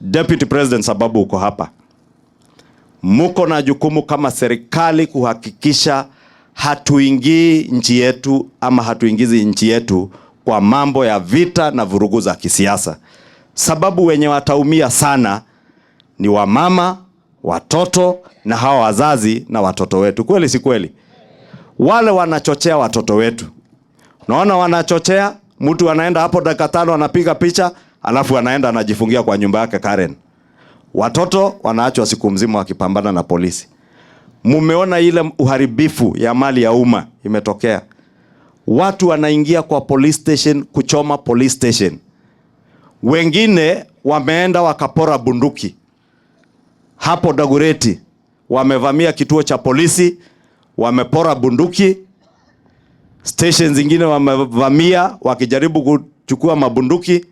Deputy President, sababu uko hapa, muko na jukumu kama serikali kuhakikisha hatuingii nchi yetu ama hatuingizi nchi yetu kwa mambo ya vita na vurugu za kisiasa, sababu wenye wataumia sana ni wamama, watoto na hawa wazazi na watoto wetu. Kweli si kweli? Wale wanachochea watoto wetu, naona wanachochea mtu anaenda hapo dakika tano anapiga picha alafu anaenda anajifungia kwa nyumba yake Karen. Watoto wanaachwa siku mzima wakipambana na polisi. Mumeona ile uharibifu ya mali ya umma imetokea. Watu wanaingia kwa police station kuchoma police station, wengine wameenda wakapora bunduki hapo Dagoreti, wamevamia kituo cha polisi, wamepora bunduki. Station zingine wamevamia wakijaribu kuchukua mabunduki.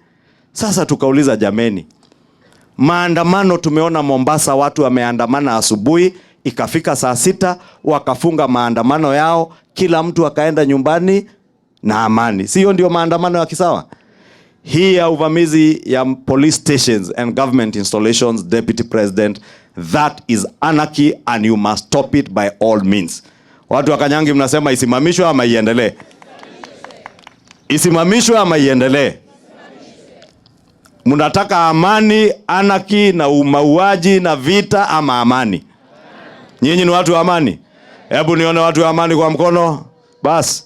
Sasa tukauliza jameni, maandamano tumeona Mombasa, watu wameandamana asubuhi, ikafika saa sita wakafunga maandamano yao, kila mtu akaenda nyumbani na amani. Sio ndio maandamano ya kisawa? Hii ya uvamizi ya police stations and government installations, Deputy President, that is anarchy and you must stop it by all means. Watu wa Kanyangi mnasema isimamishwe ama iendelee? Isimamishwe ama iendelee? mnataka amani, anaki na mauaji na vita ama amani? Nyinyi ni watu wa amani? Hebu nione watu wa amani kwa mkono basi.